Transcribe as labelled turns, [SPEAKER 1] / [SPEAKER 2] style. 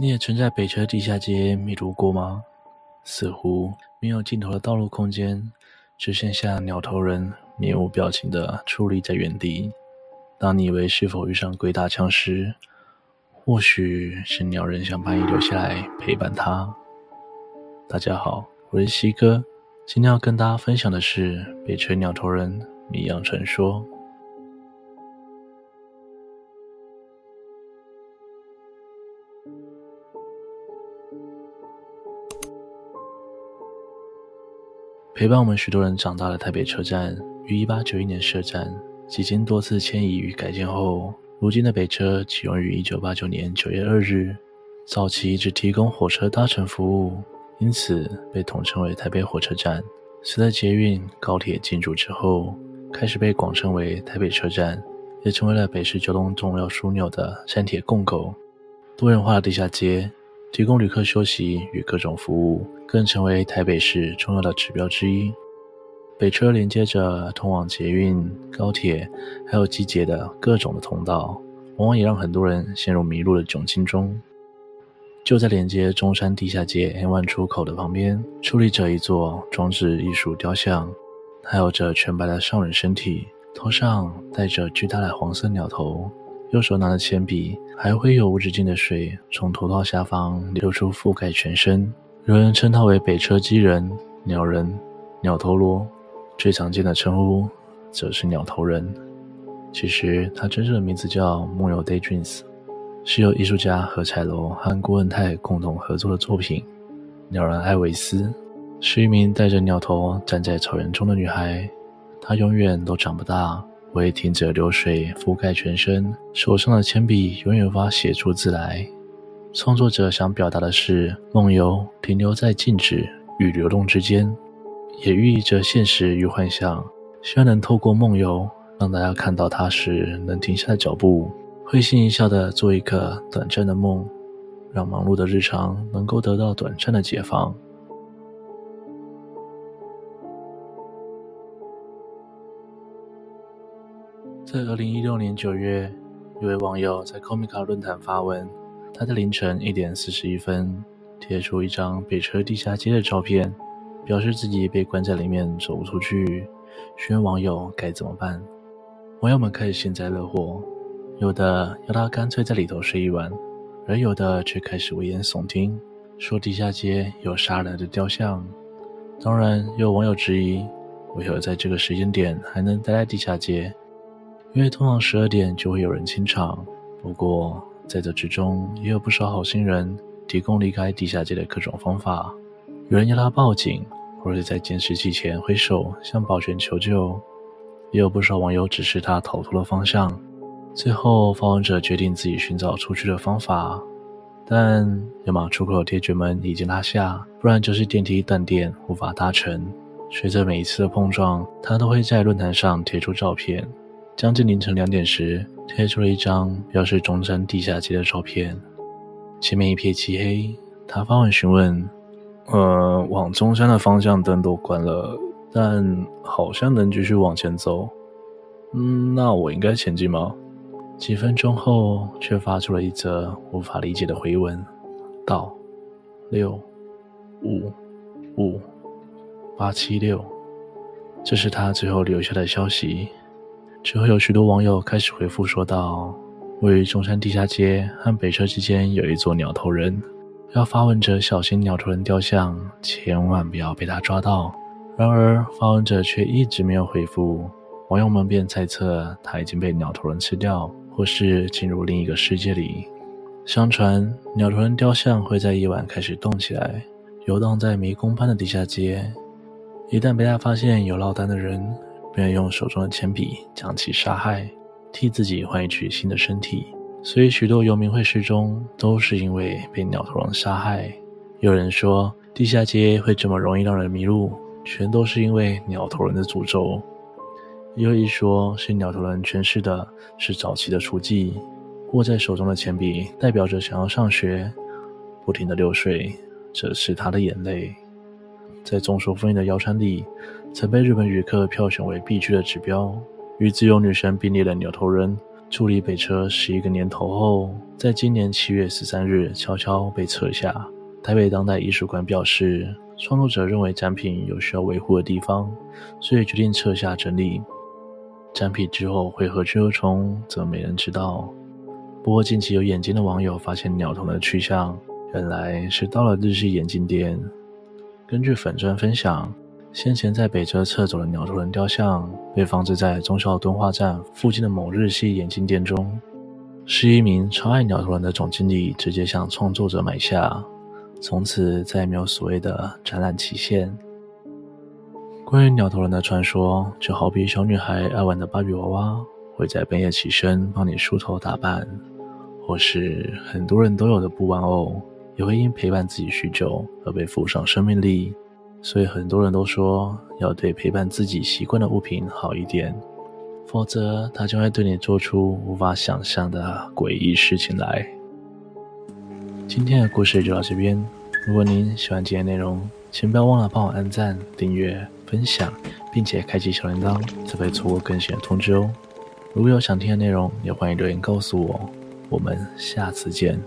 [SPEAKER 1] 你也曾在北車地下街迷路過嗎？似乎沒有盡頭的道路空間，只剩下鳥頭人面無表情的矗立在原地。當你以為是否遇上鬼打牆時，或許是鳥人想把你留下來陪伴他。大家好，我是希哥，今天要跟大家分享的是北車鳥頭人謎樣傳說。陪伴我們許多人長大的台北車站，於1891年設站，幾經多次遷移與改建後，如今的北車啟用於1989年9月2日。早期只提供火車搭乘服務，因此被統稱為台北火車站。隨着捷運、高鐵進駐之後，開始被廣稱為台北車站，也成為了北市交通重要樞紐的山鐵共構、多元化的地下街。提供旅客休息與各種服務，更成為台北市重要的指標之一。北車連接着通往捷運、高鐵，還有機捷的各種的通道，往往也讓很多人陷入迷路的窘境中。就在連接中山地下街 A1 出口的旁邊，矗立着一座裝置藝術雕像，它有着全白的上人身體，頭上戴着巨大的黃色鳥頭。右手拿着鉛筆，還會有無止境的水從頭套下方流出，覆蓋全身。有人稱它為“北車機人”、“鳥人”、“鳥頭羅”，最常見的稱呼則是“鳥頭人”。其實它真正的名字叫夢遊 （Daydreams），是由藝術家何采柔和郭文泰共同合作的作品。鳥人艾維斯是一名戴著鳥頭站在草原中的女孩，她永遠都長不大。唯停止流水覆蓋全身，手上的鉛筆永遠無法寫出字來。創作者想表達的是，夢遊停留在靜止與流動之間，也寓意着現實與幻想。希望能透過夢遊，讓大家看到它時能停下的腳步，會心一笑的做一個短暫的夢，讓忙碌的日常能夠得到短暫的解放。在二零一六年九月，一位網友在 Komica 論壇發文，他在凌晨一點四十一分貼出一張北車地下街的照片，表示自己被關在裡面走不出去，詢問網友該怎麼辦。網友們開始幸災樂禍，有的要他乾脆在裡頭睡一晚，而有的卻開始危言聳聽，說地下街有殺人的雕像。當然，也有網友質疑，為何在這個時間點還能待在地下街？因為通常十二點就會有人清場，不過在這之中也有不少好心人提供離開地下街的各種方法。有人要他報警，或者在監視器前揮手向保全求救；也有不少網友指示他逃脫的方向。最後，發文者決定自己尋找出去的方法，但要麼出口的鐵卷門已經拉下，不然就是電梯斷電無法搭乘。隨着每一次的碰撞，他都會在論壇上貼出照片。將近凌晨兩點時，貼出了一張標示中山地下街的照片。前面一片漆黑，他發文詢問：“呃，往中山的方向燈都關了，但好像能繼續往前走。嗯，那我應該前進嗎？”幾分鐘後，却發出了一則無法理解的回文：“道六五五八七六。”這是他最後留下的消息。之後，有許多網友開始回覆說道：“位於中山地下街和北車之間有一座鳥頭人，要發文者小心鳥頭人雕像，千萬不要被他抓到。”然而，發文者卻一直沒有回覆，網友們便猜測他已經被鳥頭人吃掉，或是進入另一個世界裡。相傳，鳥頭人雕像會在夜晚開始動起來，遊蕩在迷宮般的地下街，一旦被他發現有落單的人。便用手中的鉛筆將其殺害，替自己換一具新的身體。所以，許多遊民會失蹤，都是因為被鳥頭人殺害。有人說，地下街會這麼容易讓人迷路，全都是因為鳥頭人的詛咒。又一說是鳥頭人詮釋的是早期的雛妓，握在手中的鉛筆代表着想要上學，不停的流水，這是他的眼淚。在眾說紛紜的謠傳裡，曾被日本旅客票選為必去的指標，與自由女神並列的鳥頭人，矗立北車十一個年頭後，在今年七月十三日悄悄被撤下。台北當代藝術館表示，創作者認為展品有需要維護的地方，所以決定撤下整理。展品之後會何去何從，則沒人知道。不過近期有眼睛的網友發現鳥頭的去向，原來是到了日系眼鏡店。根據粉專分享，先前在北車撤走的鳥頭人雕像，被放置在忠孝敦化站附近的某日系眼鏡店中。是一名超愛鳥頭人的總經理直接向創作者買下，從此再也沒有所謂的展覽期限。關於鳥頭人的傳說，就好比小女孩愛玩的芭比娃娃會在半夜起身幫你梳頭打扮，或是很多人都有的布玩偶。也會因陪伴自己許久而被賦上生命力，所以很多人都說要對陪伴自己習慣的物品好一點，否則它就會對你做出無法想象的詭異事情來。今天的故事就到這邊，如果您喜歡今天的內容，請不要忘了幫我按贊、訂閱、分享，並且開啟小鈴鐺，才不會錯過更新的通知哦。如果有想聽的內容，也歡迎留言告訴我。我們下次見。